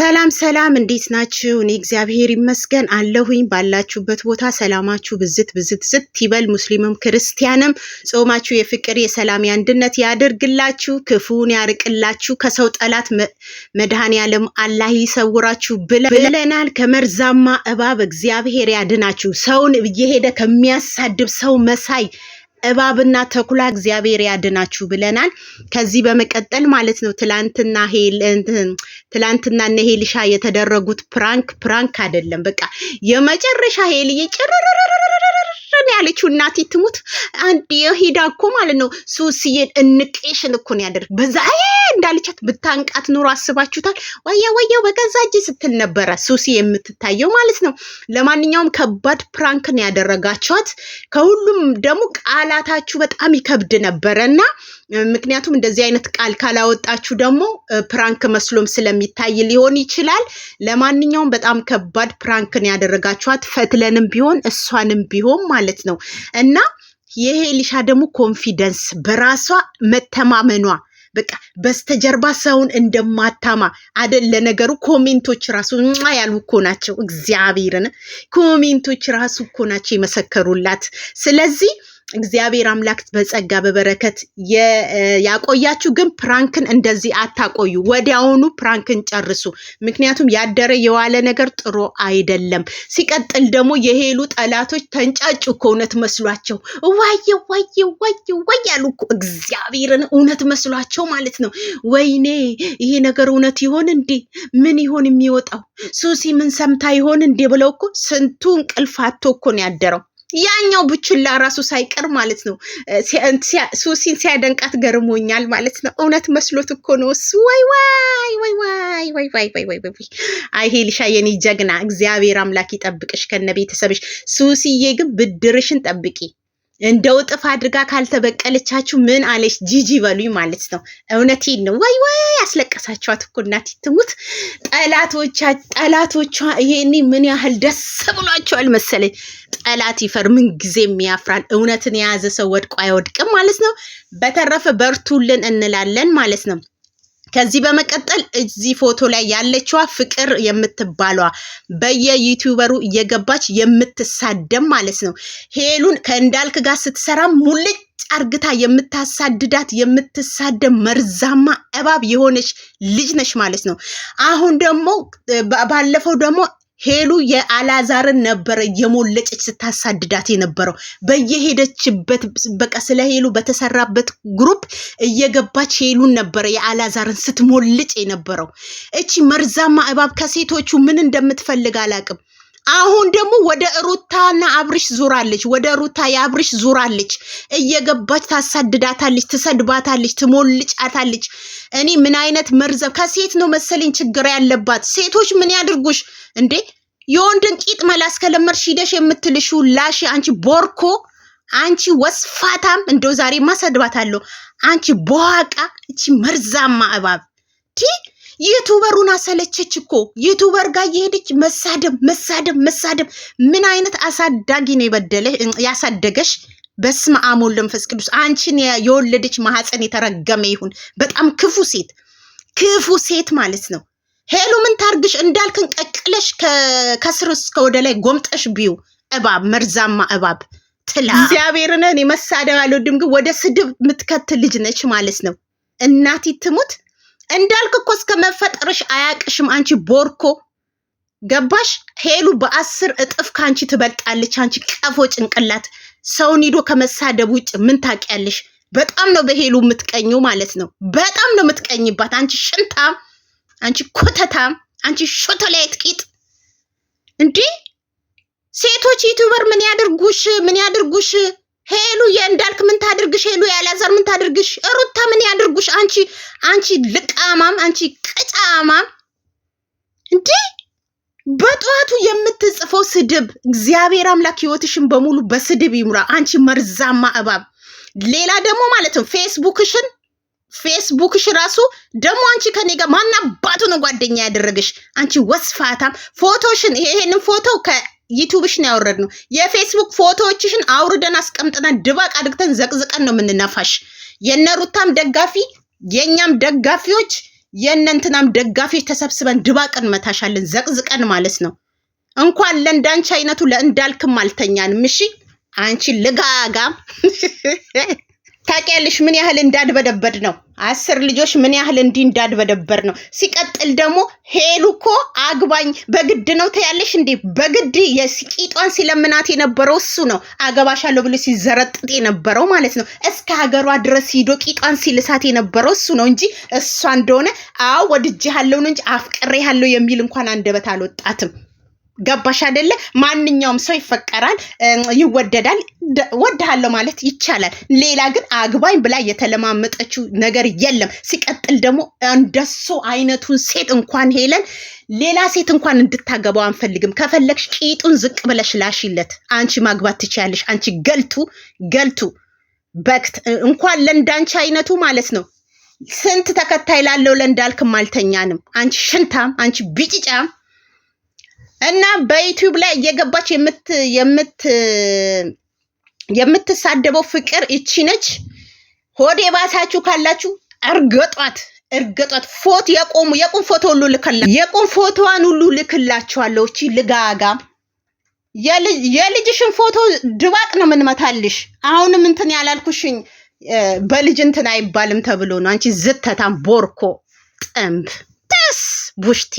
ሰላም ሰላም፣ እንዴት ናችሁ? እኔ እግዚአብሔር ይመስገን አለሁኝ። ባላችሁበት ቦታ ሰላማችሁ ብዝት ብዝት ዝት ይበል። ሙስሊምም ክርስቲያንም ጾማችሁ የፍቅር የሰላም የአንድነት ያደርግላችሁ፣ ክፉን ያርቅላችሁ፣ ከሰው ጠላት መድኃኔዓለም አላህ ይሰውራችሁ ብለናል። ከመርዛማ እባብ እግዚአብሔር ያድናችሁ። ሰውን እየሄደ ከሚያሳድብ ሰው መሳይ እባብና ተኩላ እግዚአብሔር ያድናችሁ ብለናል። ከዚህ በመቀጠል ማለት ነው ትላንትና ትላንትና እነ ሄልሻ የተደረጉት ፕራንክ ፕራንክ አይደለም። በቃ የመጨረሻ ሄልዬ ጭርርርርርር ነው ያለችው። እናቴ ትሙት አንድ የሄዳ እኮ ማለት ነው ሱስዬን እንቄሽን እኮ ነው ያደርግ በዛ እንዳለቻት ብታንቃት ኑሮ አስባችሁታል? ወየ ወየው በገዛ እጅ ስትል ነበረ ሱሲ የምትታየው ማለት ነው። ለማንኛውም ከባድ ፕራንክ ነው ያደረጋቸዋት። ከሁሉም ደግሞ ቃላታችሁ በጣም ይከብድ ነበረ እና ምክንያቱም እንደዚህ አይነት ቃል ካላወጣችሁ ደግሞ ፕራንክ መስሎም ስለሚታይ ሊሆን ይችላል። ለማንኛውም በጣም ከባድ ፕራንክ ነው ያደረጋችኋት። ፈትለንም ቢሆን እሷንም ቢሆን ማለት ማለት ነው። እና ይሄ ሊሻ ደግሞ ኮንፊደንስ በራሷ መተማመኗ በቃ በስተጀርባ ሰውን እንደማታማ አደል። ለነገሩ ኮሜንቶች ራሱ ያሉ እኮ ናቸው። እግዚአብሔርን ኮሜንቶች ራሱ እኮ ናቸው የመሰከሩላት። ስለዚህ እግዚአብሔር አምላክ በጸጋ በበረከት ያቆያችሁ። ግን ፕራንክን እንደዚህ አታቆዩ። ወዲያውኑ ፕራንክን ጨርሱ። ምክንያቱም ያደረ የዋለ ነገር ጥሩ አይደለም። ሲቀጥል ደግሞ የሄሉ ጠላቶች ተንጫጩ እኮ እውነት መስሏቸው ዋየ ዋየ ዋየ ዋየ ያሉ እኮ እግዚአብሔርን እውነት መስሏቸው ማለት ነው። ወይኔ ይሄ ነገር እውነት ይሆን እንዴ? ምን ይሆን የሚወጣው? ሱሲ ምን ሰምታ ይሆን እንዴ ብለው እኮ ስንቱ እንቅልፍ አቶ እኮ ነው ያደረው። ያኛው ብቹላ ራሱ ሳይቀር ማለት ነው ሱሲን ሲያደንቃት ገርሞኛል ማለት ነው። እውነት መስሎት እኮ ነው እሱ። ወይ ወይ ወይ ወይ ወይ ወይ ወይ ወይ ወይ አይ ሄልሻ የኔ ጀግና፣ እግዚአብሔር አምላክ ይጠብቅሽ ከነ ቤተሰብሽ። ሱሲዬ ግን ብድርሽን ጠብቂ። እንደው ጥፍ አድርጋ ካልተበቀለቻችሁ ምን አለች ጂጂ በሉኝ ማለት ነው። እውነቴን ነው። ወይ ወይ ያስለቀሳችኋት እኮ እናት ትሙት ጠላቶቿ ጠላቶቿ ይሄኔ ምን ያህል ደስ ብሏቸዋል መሰለኝ። ጠላት ይፈር ምን ጊዜም ያፍራል። እውነትን የያዘ ሰው ወድቆ አይወድቅም ማለት ነው። በተረፈ በርቱልን እንላለን ማለት ነው። ከዚህ በመቀጠል እዚህ ፎቶ ላይ ያለችዋ ፍቅር የምትባለዋ በየዩቲዩበሩ እየገባች የምትሳደም ማለት ነው። ሄሉን ከእንዳልክ ጋር ስትሰራ ሙልጭ አርግታ የምታሳድዳት የምትሳደብ መርዛማ እባብ የሆነች ልጅ ነች ማለት ነው። አሁን ደግሞ ባለፈው ደግሞ ሄሉ የአላዛርን ነበረ የሞለጨች ስታሳድዳት የነበረው በየሄደችበት በቃ ስለ ሄሉ በተሰራበት ግሩፕ እየገባች ሄሉን ነበረ የአላዛርን ስትሞልጭ የነበረው። እቺ መርዛማ እባብ ከሴቶቹ ምን እንደምትፈልግ አላቅም። አሁን ደግሞ ወደ ሩታና አብርሽ ዙራለች። ወደ ሩታ የአብርሽ ዙራለች። እየገባች ታሳድዳታለች፣ ትሰድባታለች፣ ትሞልጫታለች። እኔ ምን አይነት መርዘብ ከሴት ነው መሰለኝ ችግር ያለባት። ሴቶች ምን ያድርጉሽ እንዴ? የወንድን ቂጥ መላስ ከለመድሽ ሂደሽ የምትልሹ ላሽ አንቺ ቦርኮ አንቺ ወስፋታም እንደው ዛሬ ማሰድባታለሁ። አንቺ በዋቃ እቺ መርዛማ እባብ ቲ ዩቱበሩን አሰለቸች እኮ ዩቱበር ጋር እየሄደች መሳደብ መሳደብ መሳደብ። ምን አይነት አሳዳጊ ነው የበደለ ያሳደገሽ? በስመ አብ ወወልድ ወመንፈስ ቅዱስ። አንቺን የወለደች ማህፀን የተረገመ ይሁን። በጣም ክፉ ሴት ክፉ ሴት ማለት ነው። ሄሉ ምን ታርግሽ? እንዳልክን ቀቅለሽ ከስር እስከ ወደ ላይ ጎምጠሽ ቢዩ እባብ፣ መርዛማ እባብ ትላ። እግዚአብሔርን እኔ መሳደብ አልወድም፣ ግን ወደ ስድብ የምትከት ልጅ ነች ማለት ነው። እናቲ ትሙት እንዳልክ እኮ እስከ መፈጠርሽ አያቅሽም። አንቺ ቦርኮ ገባሽ? ሄሉ በአስር እጥፍ ከአንቺ ትበልጣለች። አንቺ ቀፎ ጭንቅላት፣ ሰውን ሂዶ ከመሳደብ ውጭ ምን ታውቂያለሽ? በጣም ነው በሄሉ የምትቀኙ ማለት ነው። በጣም ነው የምትቀኝባት። አንቺ ሽንታም፣ አንቺ ኮተታም፣ አንቺ ሾተላይት ቂጥ እንዲህ ሴቶች ዩቱበር ምን ያድርጉሽ? ምን ያድርጉሽ? ሄሉ የእንዳልክ ምን ታድርግሽ? ሄሉ ያላዛር ምን ታድርግሽ? ሩታ ምን ያድርጉሽ? አንቺ አንቺ ልቃማም አንቺ ቅጫማም እንዴ! በጠዋቱ የምትጽፈው ስድብ እግዚአብሔር አምላክ ህይወትሽን በሙሉ በስድብ ይሙራ። አንቺ መርዛማ እባብ። ሌላ ደግሞ ማለት ነው ፌስቡክሽን ፌስቡክሽ ራሱ ደግሞ አንቺ ከኔ ጋር ማን አባቱ ነው ጓደኛ ያደረገሽ? አንቺ ወስፋታም ፎቶሽን ይሄንን ፎቶ ከዩቱብሽ ነው ያወረድነው። የፌስቡክ ፎቶዎችሽን አውርደን አስቀምጠናል፣ ድባቅ አድግተን ዘቅዝቀን ነው የምንነፋሽ። የነሩታም ደጋፊ የእኛም ደጋፊዎች የእነንትናም ደጋፊዎች ተሰብስበን ድባቅ እንመታሻለን፣ ዘቅዝቀን ማለት ነው። እንኳን ለእንዳንቺ አይነቱ ለእንዳልክም አልተኛንም። እሺ አንቺ ልጋጋ ታውቂያለሽ ምን ያህል እንዳድበደበድ ነው። አስር ልጆች ምን ያህል እንዲህ እንዳድበደበድ ነው። ሲቀጥል ደግሞ ሄሉ እኮ አግባኝ በግድ ነው ትያለሽ እንዴ? በግድ የስቂጧን ሲለምናት የነበረው እሱ ነው። አገባሻለሁ ብሎ ሲዘረጥጥ የነበረው ማለት ነው። እስከ ሀገሯ ድረስ ሂዶ ቂጧን ሲልሳት የነበረው እሱ ነው እንጂ እሷ እንደሆነ አዎ ወድጄ ያለውን እንጂ አፍቅሬ ያለው የሚል እንኳን አንደበት አልወጣትም። ገባሽ አይደለ? ማንኛውም ሰው ይፈቀራል፣ ይወደዳል። ወድሃለሁ ማለት ይቻላል። ሌላ ግን አግባኝ ብላ የተለማመጠችው ነገር የለም። ሲቀጥል ደግሞ እንደሱ አይነቱን ሴት እንኳን ሄለን ሌላ ሴት እንኳን እንድታገባው አንፈልግም። ከፈለግሽ ቂጡን ዝቅ ብለሽ ላሽለት። አንቺ ማግባት ትችያለሽ። አንቺ ገልቱ ገልቱ በክት እንኳን ለእንዳንቺ አይነቱ ማለት ነው ስንት ተከታይ ላለው ለእንዳልክም አልተኛንም። አንቺ ሽንታም፣ አንቺ ቢጭጫም እና በዩቲዩብ ላይ እየገባች የምትሳደበው ፍቅር እቺ ነች። ሆዴ ባሳችሁ ካላችሁ እርገጧት፣ እርገጧት። ፎት የቆሙ የቁም ፎቶ ሁሉ ልከላ የቁም ፎቶዋን ሁሉ ልክላችኋለሁ። እቺ ልጋጋም የልጅሽን ፎቶ ድባቅ ነው የምንመታልሽ። አሁንም እንትን ያላልኩሽኝ በልጅ እንትን አይባልም ተብሎ ነው። አንቺ ዝተታም ቦርኮ ጥንብ ደስ ቡሽቲ